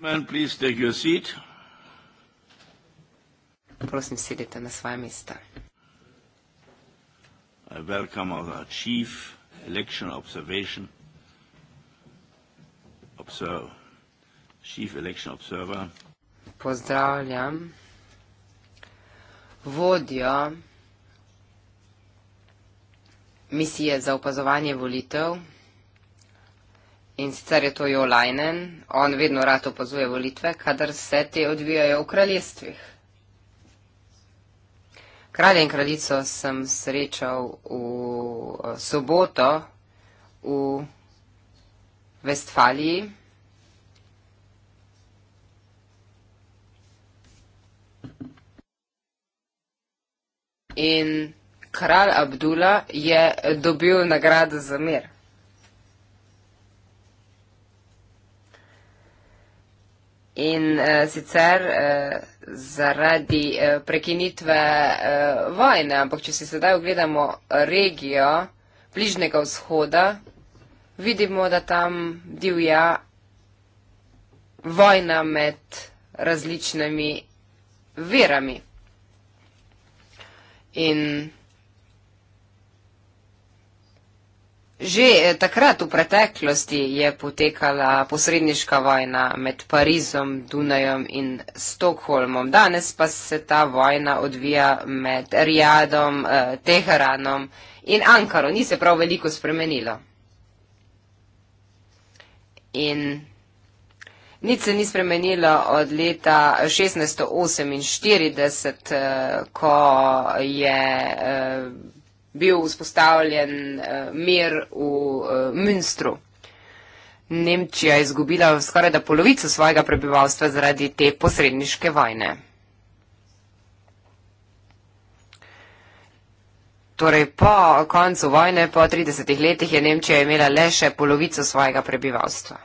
gentlemen, please take your seat. Prosim, sedite na svoje mesta. I welcome our chief election observation observer, chief election observer. Pozdravljam vodjo misije za opazovanje volitev. In sicer je to Jolajnen, on vedno rad opazuje volitve, kadar se te odvijajo v kraljestvih. Kralje in kraljico sem srečal v eh, soboto v Vestfaliji. In kralj Abdula je dobil nagrado za mir. in uh, sicer uh, zaradi uh, prekinitve uh, vojne, ampak če si sedaj ogledamo regijo bližnjega vzhoda, vidimo, da tam divja vojna med različnimi verami. In Že eh, takrat v preteklosti je potekala posredniška vojna med Parizom, Dunajem in Stokholmom. Danes pa se ta vojna odvija med Rijadom, eh, Teheranom in Ankaro. Ni se prav veliko spremenilo. In nič se ni spremenilo od leta 1648, eh, ko je. Eh, bil vzpostavljen uh, mir v uh, Münstru. Nemčija je izgubila skoraj da polovico svojega prebivalstva zaradi te posredniške vojne. Torej, po koncu vojne, po 30 letih, je Nemčija imela le še polovico svojega prebivalstva.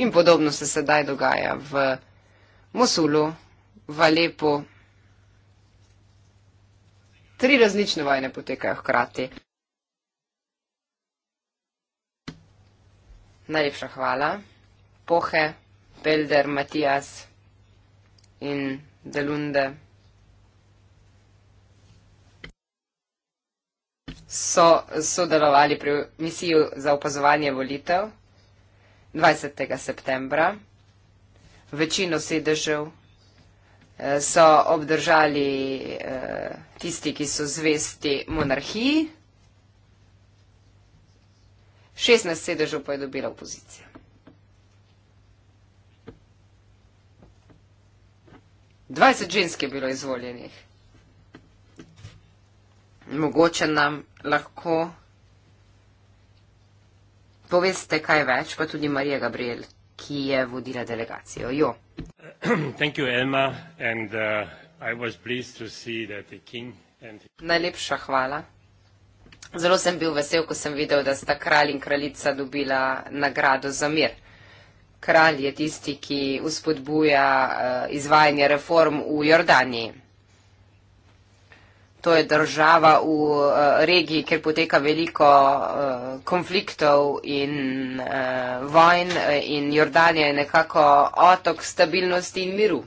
In podobno se sedaj dogaja v Mosulu, v Alepu tri različne vojne potekajo hkrati. Najlepša hvala, Pohe, Pelder, Matijas in Delunde. So sodelovali pri misiji za opazovanje volitev 20. septembra. Večino sedežev so obdržali eh, tisti, ki so zvesti monarhiji. 16 sedežev pa je dobila opozicija. Dvajset žensk je bilo izvoljenih. Mogoče nam lahko poveste kaj več, pa tudi Marija Gabriel, ki je vodila delegacijo. Jo. Thank you, Emma, and uh, I was pleased to see that the king and the Najlepša hvala. Zelo sem bil vesel, ko sem videl, da sta kralj in kraljica dobila nagrado za mir. Kralj je tisti, ki uspodbuja uh, izvajanje reform v Jordaniji to je država v eh, regiji, kjer poteka veliko eh, konfliktov in eh, vojn in Jordanija je nekako otok stabilnosti in miru.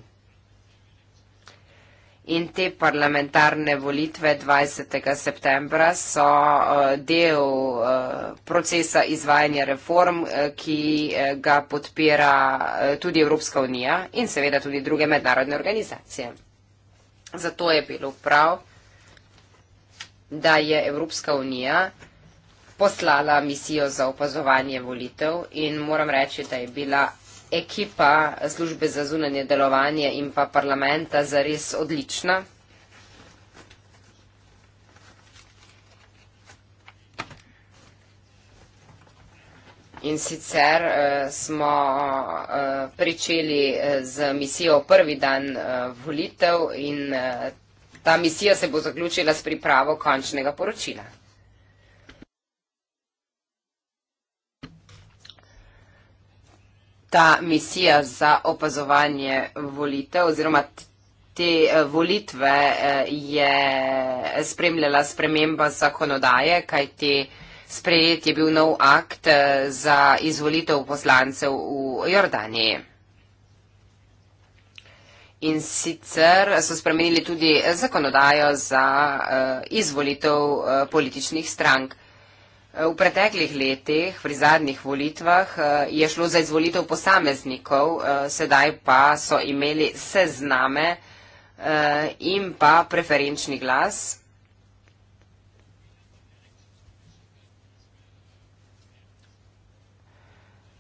In te parlamentarne volitve 20. septembra so del procesa izvajanja reform, ki ga podpira tudi Evropska unija in seveda tudi druge mednarodne organizacije. Zato je bilo prav, da je Evropska unija poslala misijo za opazovanje volitev in moram reči, da je bila ekipa službe za zunanje delovanje in pa parlamenta zares odlična. In sicer eh, smo eh, pričeli eh, z misijo prvi dan eh, volitev in eh, Ta misija se bo zaključila s pripravo končnega poročila. Ta misija za opazovanje volitev oziroma te eh, volitve eh, je spremljala sprememba zakonodaje, kaj te sprejet je bil nov akt eh, za izvolitev poslancev v Jordanii in sicer so spremenili tudi zakonodajo za eh, izvolitev eh, političnih strank. Eh, v preteklih letih, pri zadnjih volitvah, je šlo za izvolitev posameznikov, sedaj pa so imeli sezname in pa preferenčni glas.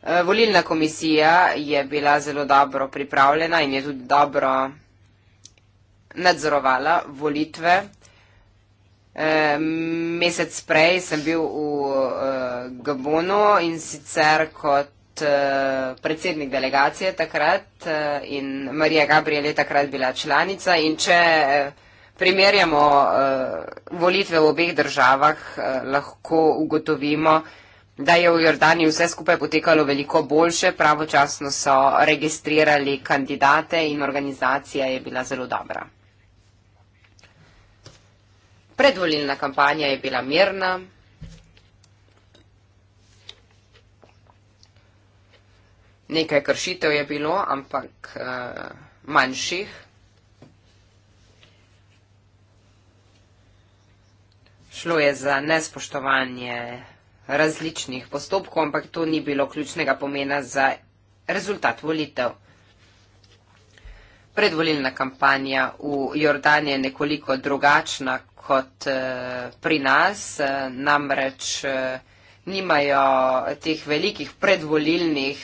Eh, volilna komisija je bila zelo dobro pripravljena in je tudi dobro nadzorovala volitve. Eh, mesec prej sem bil v eh, Gabonu in sicer kot predsednik delegacije takrat in Marija Gabriel je takrat bila članica in če primerjamo volitve v obeh državah, lahko ugotovimo, da je da je v Jordani vse skupaj potekalo veliko boljše, pravočasno so registrirali kandidate in organizacija je bila zelo dobra. Predvolilna kampanja je bila mirna. Nekaj kršitev je bilo, ampak uh, manjših. Šlo je za nespoštovanje različnih postopkov, ampak to ni bilo ključnega pomena za rezultat volitev. Predvolilna kampanja v Jordani je nekoliko drugačna kot eh, pri nas, eh, namreč eh, nimajo teh velikih predvolilnih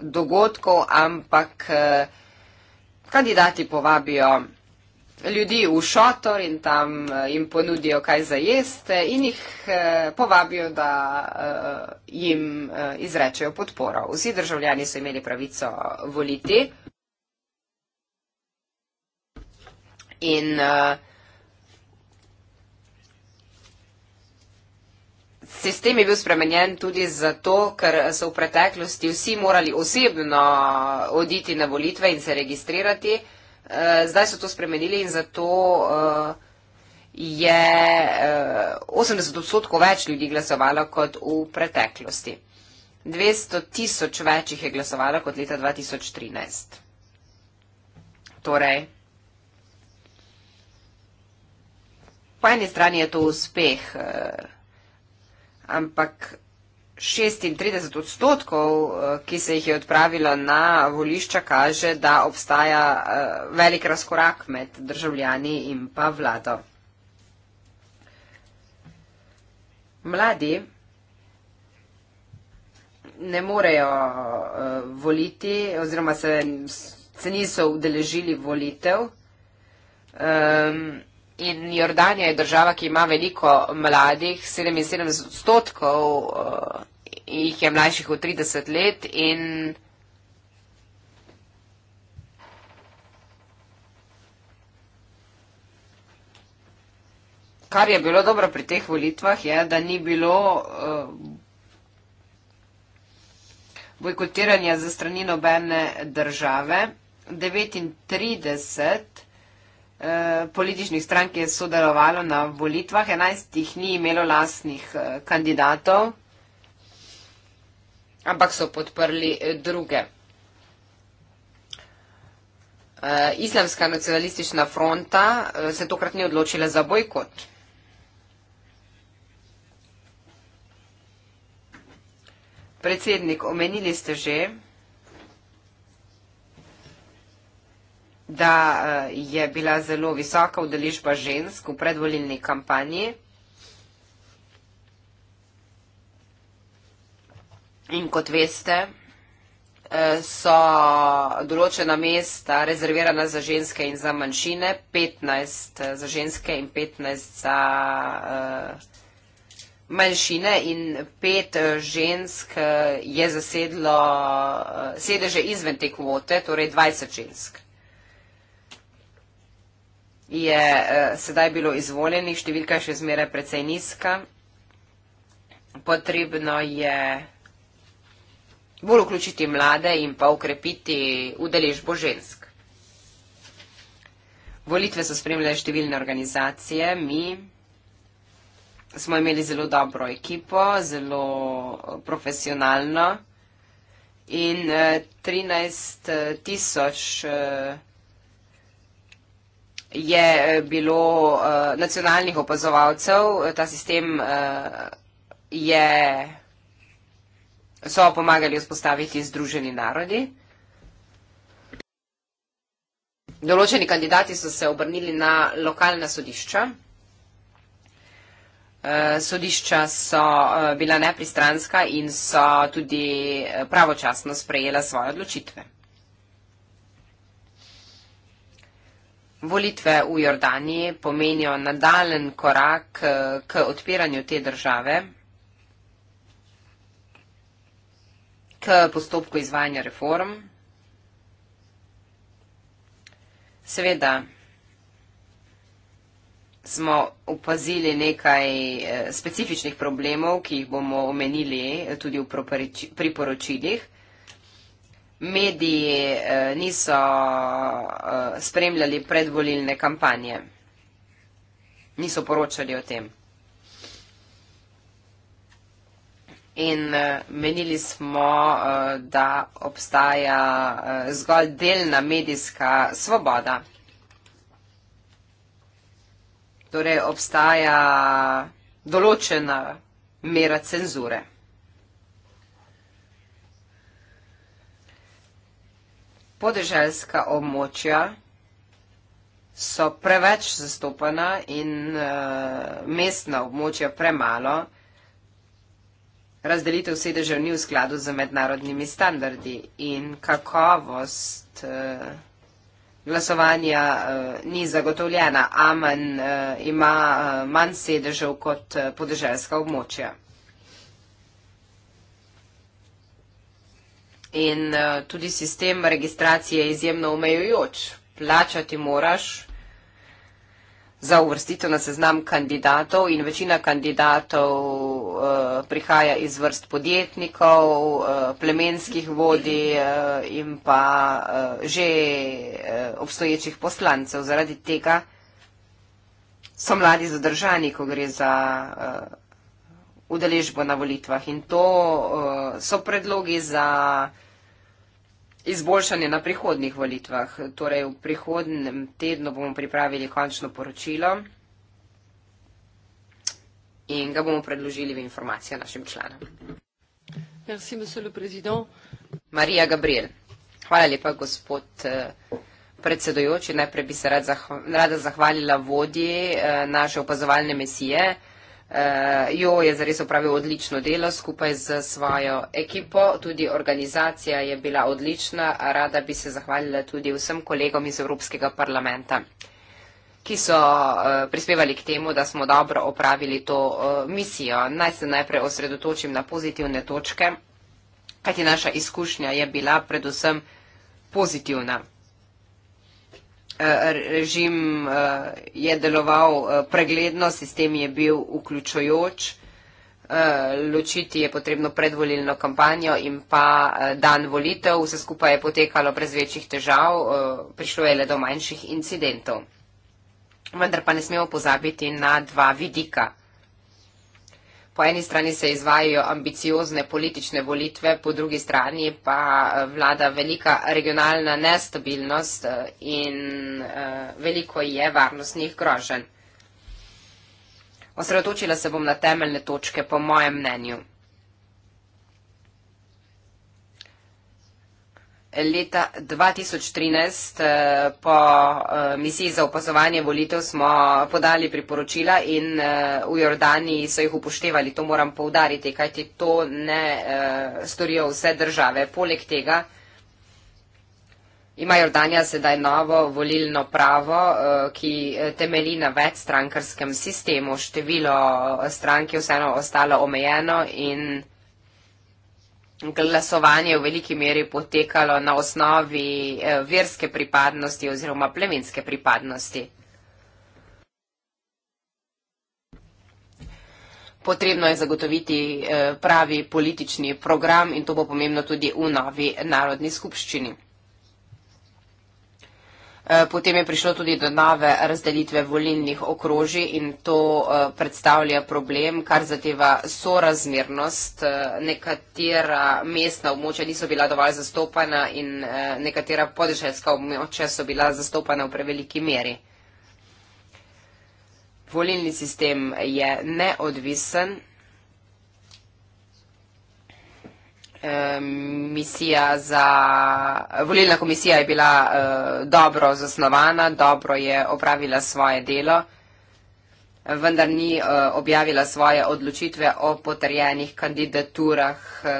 dogodkov, ampak kandidati povabijo ljudi v šotor in tam eh, jim ponudijo kaj za jeste in jih eh, povabijo, da eh, jim izrečejo podporo. Vsi državljani so imeli pravico voliti. In sistem je bil spremenjen tudi zato, ker so v preteklosti vsi morali osebno oditi na volitve in se registrirati. Eh, zdaj so to spremenili in zato uh, je uh, eh, 80 odstotkov več ljudi glasovalo kot v preteklosti. 200 tisoč več jih je glasovalo kot leta 2013. Torej, po eni strani je to uspeh, uh, ampak 36 odstotkov, eh, ki se jih je odpravilo na volišča, kaže, da obstaja eh, velik razkorak med državljani in pa vlado. Mladi ne morejo eh, voliti oziroma se, se niso udeležili volitev. Um, In Jordanija je država, ki ima veliko mladih, 77 odstotkov uh, jih je mlajših od 30 let in kar je bilo dobro pri teh volitvah je, da ni bilo uh, bojkotiranja za strani nobene države. 39 odstotkov Eh, političnih strank, ki je sodelovalo na volitvah, 11 jih ni imelo lastnih eh, kandidatov, ampak so podprli eh, druge. Islamska nacionalistična fronta se tokrat ni odločila za bojkot. Predsednik, omenili ste že, da eh, je bila zelo visoka udeležba žensk v predvolilni kampanji in kot veste, eh, so določena mesta rezervirana za ženske in za manjšine, 15 eh, za ženske in 15 za manjšine in pet žensk je zasedlo sedeže izven te kvote, torej 20 žensk je eh, sedaj bilo izvoljenih, številka je še zmeraj precej nizka. Potrebno je bolj vključiti mlade in pa ukrepiti udeležbo žensk. Volitve so spremljale številne organizacije, mi smo imeli zelo dobro ekipo, zelo eh, profesionalno in 13 eh, eh, tisoč je eh, bilo uh, nacionalnih opazovalcev, ta sistem uh, je, so pomagali vzpostaviti Združeni narodi. Določeni kandidati so se obrnili na lokalna sodišča. Sodišča so bila nepristranska in so tudi pravočasno sprejela svoje odločitve. Volitve v Jordaniji pomenijo nadaljen korak eh, k odpiranju te države, k postopku izvajanja reform. Seveda smo opazili nekaj eh, specifičnih problemov, ki jih bomo omenili eh, tudi v priporočilih mediji eh, niso eh, spremljali predvolilne kampanje, niso poročali o tem. In eh, menili smo, da obstaja zgolj delna medijska svoboda. Torej obstaja določena mera cenzure. podeželska območja so preveč zastopana in uh, mestna območja premalo. Razdelitev sedežev ni v skladu z mednarodnimi standardi in kakovost uh, glasovanja uh, ni zagotovljena. Amen uh, ima uh, manj sedežev kot uh, podeželska območja. In uh, tudi sistem registracije je izjemno omejujoč. Plačati moraš za uvrstitev na seznam kandidatov in večina kandidatov uh, prihaja iz vrst podjetnikov, uh, plemenskih vodi uh, in pa uh, že uh, obstoječih poslancev. Zaradi tega so mladi zadržani, ko gre za uh, udeležbo na volitvah. In to uh, so predlogi za izboljšanje na prihodnih volitvah. Torej, v prihodnem tednu bomo pripravili končno poročilo in ga bomo predložili v informacijo našim članom. Merci, Marija Gabriel. Hvala lepa, gospod eh, predsedojoči. Najprej bi se rad zahval, rada zahvalila vodji eh, naše opazovalne mesije. Uh, jo je zares opravil odlično delo skupaj z svojo ekipo, tudi organizacija je bila odlična. Rada bi se zahvalila tudi vsem kolegom iz Evropskega parlamenta, ki so uh, prispevali k temu, da smo dobro opravili to uh, misijo. Naj se najprej osredotočim na pozitivne točke, kajti naša izkušnja je bila predvsem pozitivna. Eh, režim eh, je deloval eh, pregledno, sistem je bil vključujoč, ločiti je potrebno predvolilno kampanjo in pa dan volitev, vse skupaj je potekalo brez večjih težav, prišlo je le do manjših incidentov. Vendar pa ne smemo pozabiti na dva vidika. Po eni strani se izvajajo ambiciozne politične volitve, po drugi strani pa eh, vlada velika regionalna nestabilnost eh, in eh, veliko je varnostnih groženj. Osredotočila se bom na temeljne točke, po mojem mnenju. leta 2013 eh, po eh, misiji za opazovanje volitev smo podali priporočila in eh, v Jordaniji so jih upoštevali. To moram povdariti, kajti to ne storijo vse države. Poleg tega ima Jordanija sedaj novo volilno pravo, ki temeli na več strankarskem sistemu. Število stranki je vseeno ostalo omejeno in vseeno glasovanje v veliki meri potekalo na osnovi eh, verske pripadnosti oziroma plemenske pripadnosti. Potrebno je zagotoviti eh, pravi politični program in to bo pomembno tudi v novi narodni skupščini. Eh, potem je prišlo tudi do nove razdelitve volilnih okrožij in to eh, predstavlja problem, kar zadeva sorazmernost. Eh, nekatera mestna območja niso bila dovolj zastopana in nekatera podeželska območja so bila zastopana v preveliki meri. Volilni sistem je neodvisen. misija za, volilna komisija je bila uh, dobro zasnovana, dobro je opravila svoje delo, vendar ni uh, objavila svoje odločitve o potrjenih kandidaturah uh,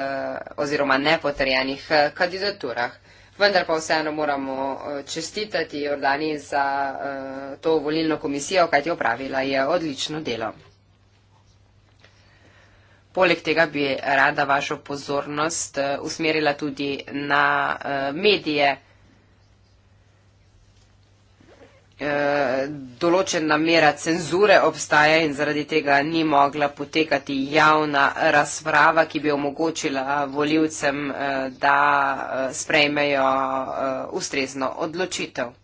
oziroma nepotrjenih uh, kandidaturah. Vendar pa vseeno moramo uh, čestitati Jordani za uh, to volilno komisijo, kaj ti opravila je odlično delo. Poleg tega bi rada vašo pozornost eh, usmerila tudi na eh, medije. Eh, določena mera cenzure obstaja in zaradi tega ni mogla potekati javna razprava, ki bi omogočila voljivcem, da sprejmejo ustrezno odločitev.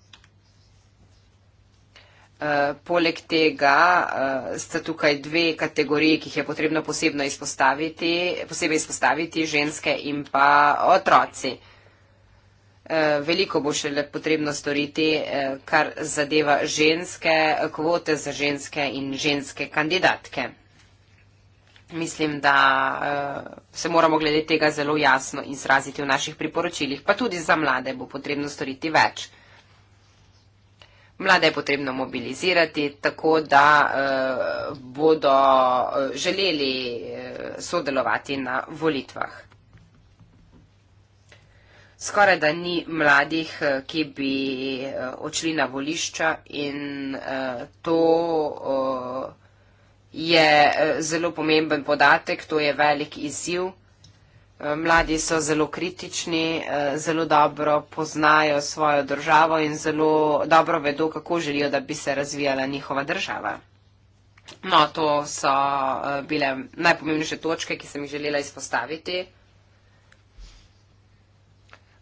Eh, poleg tega eh, sta tukaj dve kategoriji, ki jih je potrebno posebno izpostaviti, posebej izpostaviti ženske in pa otroci. Eh, veliko bo še le potrebno storiti, kar zadeva ženske kvote za ženske in ženske kandidatke. Mislim, da se moramo glede tega zelo jasno izraziti v naših priporočilih, pa tudi za mlade bo potrebno storiti več. Mlade je potrebno mobilizirati tako, da eh, bodo eh, želeli eh, sodelovati na volitvah. Skoraj da ni mladih, eh, ki bi odšli na volišča in eh, to eh, je zelo pomemben podatek, to je velik izziv. Mladi so zelo kritični, eh, zelo dobro poznajo svojo državo in zelo dobro vedo, kako želijo, da bi se razvijala njihova država. No, to so eh, bile najpomembnejše točke, ki sem jih želela izpostaviti.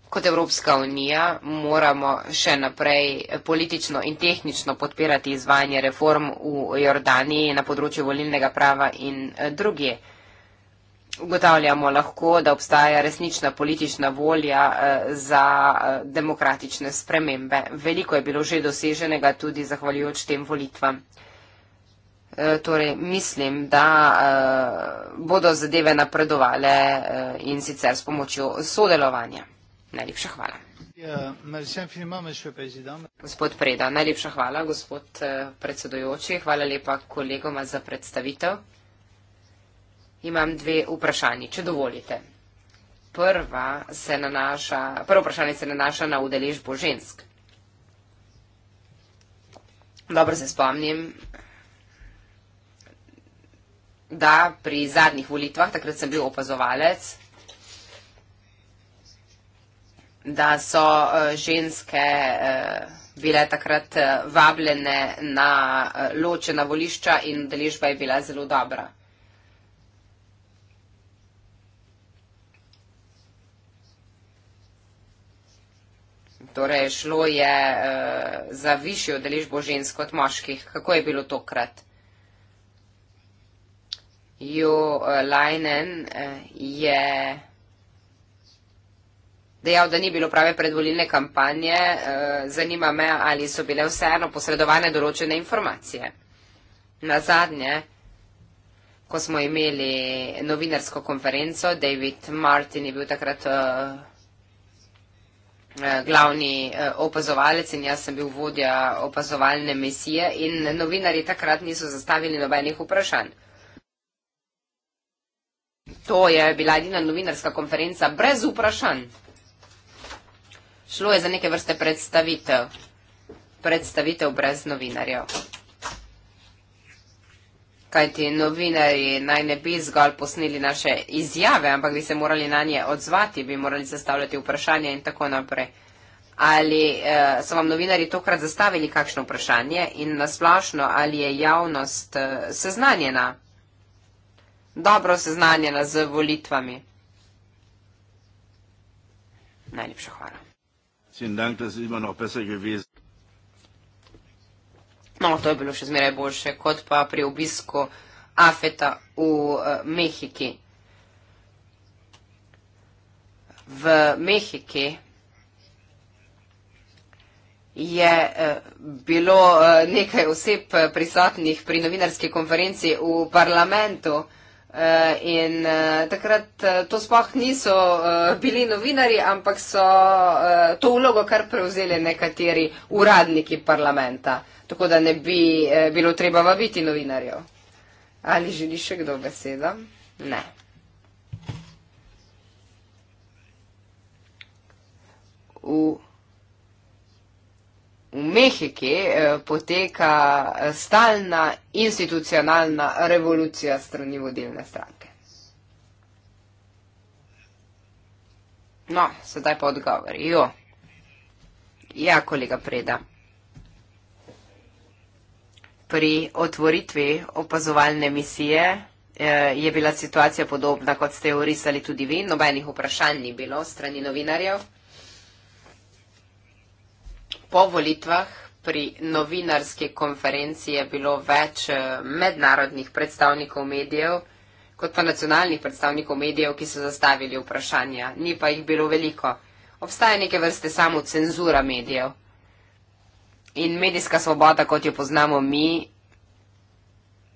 Kot Evropska unija moramo še naprej politično in tehnično podpirati izvajanje reform v Jordaniji na področju volilnega prava in eh, druge ugotavljamo lahko, da obstaja resnična politična volja eh, za eh, demokratične spremembe. Veliko je bilo že doseženega tudi zahvaljujoč tem volitvam. Eh, torej, mislim, da bodo zadeve napredovale in sicer s pomočjo sodelovanja. Najlepša hvala. Gospod Preda, najlepša hvala, gospod predsedujoči. Hvala lepa kolegoma za predstavitev imam dve vprašanji, če dovolite. Prva se nanaša, prvo vprašanje se nanaša na udeležbo žensk. Dobro se spomnim, da pri zadnjih volitvah, takrat sem bil opazovalec, da so eh, ženske eh, bile takrat eh, vabljene na ločena volišča in udeležba je bila zelo dobra. torej šlo je uh, za višjo deležbo žensk kot moških. Kako je bilo tokrat? Jo uh, Leinen uh, je dejal, da ni bilo prave predvolilne kampanje. Uh, zanima me, ali so bile vseeno posredovane določene informacije. Na zadnje, ko smo imeli novinarsko konferenco, David Martin je bil takrat. Uh, Eh, glavni eh, opazovalec in jaz sem bil vodja opazovalne misije in novinari takrat niso zastavili nobenih vprašanj. To je bila edina novinarska konferenca brez vprašanj. Šlo je za neke vrste predstavitev. Predstavitev brez novinarjev kajti novinari naj ne bi zgolj posneli naše izjave, ampak bi se morali na nje odzvati, bi morali zastavljati vprašanja in tako naprej. Ali eh, so vam novinari tokrat zastavili kakšno vprašanje in nasplošno, ali je javnost eh, seznanjena, dobro seznanjena z volitvami? Najlepša hvala. No, to je bilo še zmeraj boljše, kot pa pri obisku Afeta v eh, Mehiki. V Mehiki je eh, bilo eh, nekaj oseb prisotnih pri novinarski konferenci v parlamentu. Eh, in uh, takrat uh, to sploh niso uh, bili novinari, ampak so uh, to vlogo kar prevzeli nekateri uradniki parlamenta, tako da ne bi uh, bilo treba vabiti novinarjev. Ali želi še kdo besedo? Ne. U. Uh v Mehiki eh, poteka eh, stalna institucionalna revolucija strani vodilne stranke. No, sedaj pa odgovor. Jo. Ja, kolega Preda. Pri otvoritvi opazovalne misije eh, je bila situacija podobna, kot ste jo risali tudi vi, nobenih vprašanj ni bilo strani novinarjev po volitvah pri novinarski konferenci je bilo več eh, mednarodnih predstavnikov medijev, kot pa nacionalnih predstavnikov medijev, ki so zastavili vprašanja. Ni pa jih bilo veliko. Obstaja neke vrste samo cenzura medijev. In medijska svoboda, kot jo poznamo mi,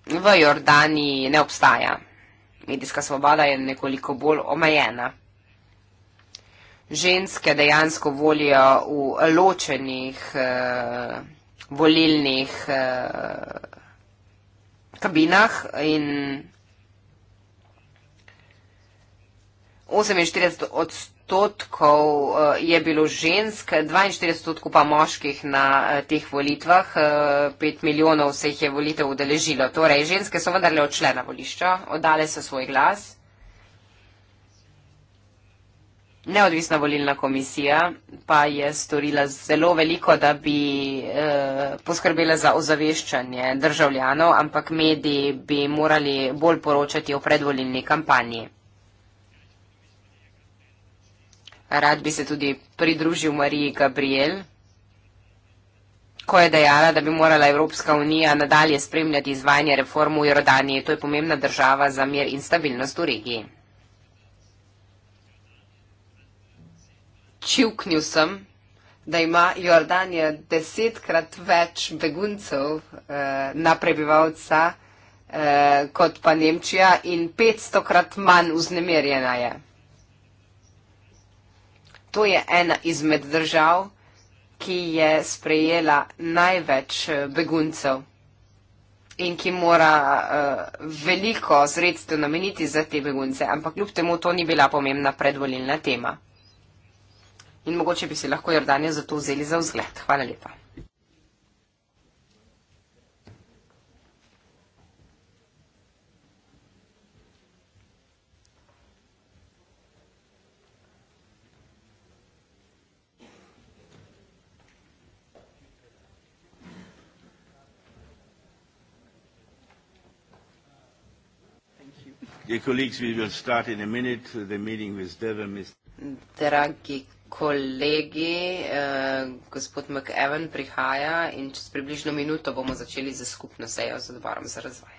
v Jordani ne obstaja. Medijska svoboda je nekoliko bolj omejena ženske dejansko volijo v ločenih eh, volilnih eh, kabinah in 48 odstotkov eh, je bilo žensk, 42 odstotkov pa moških na eh, teh volitvah, 5 eh, milijonov se jih je volitev udeležilo. Torej, ženske so vendarle odšle na volišča, oddale so svoj glas. Neodvisna volilna komisija pa je storila zelo veliko, da bi eh, poskrbela za ozaveščanje državljanov, ampak mediji bi morali bolj poročati o predvolilni kampanji. Rad bi se tudi pridružil Mariji Gabriel, ko je dejala, da bi morala Evropska unija nadalje spremljati izvajanje reformu v Jordaniji. To je pomembna država za mir in stabilnost v regiji. čivknil sem, da ima Jordanija desetkrat več beguncev eh, na prebivalca eh, kot pa Nemčija in petstokrat manj uznemirjena je. To je ena izmed držav, ki je sprejela največ eh, beguncev in ki mora uh, veliko sredstev nameniti za te begunce, ampak kljub temu to ni bila pomembna predvolilna tema in mogoče bi se lahko Jordanijo zato vzeli za vzgled. Hvala lepa. Dragi kolegi, eh, gospod McEwen prihaja in čez približno minuto bomo začeli z skupno sejo z odborom za razvoj.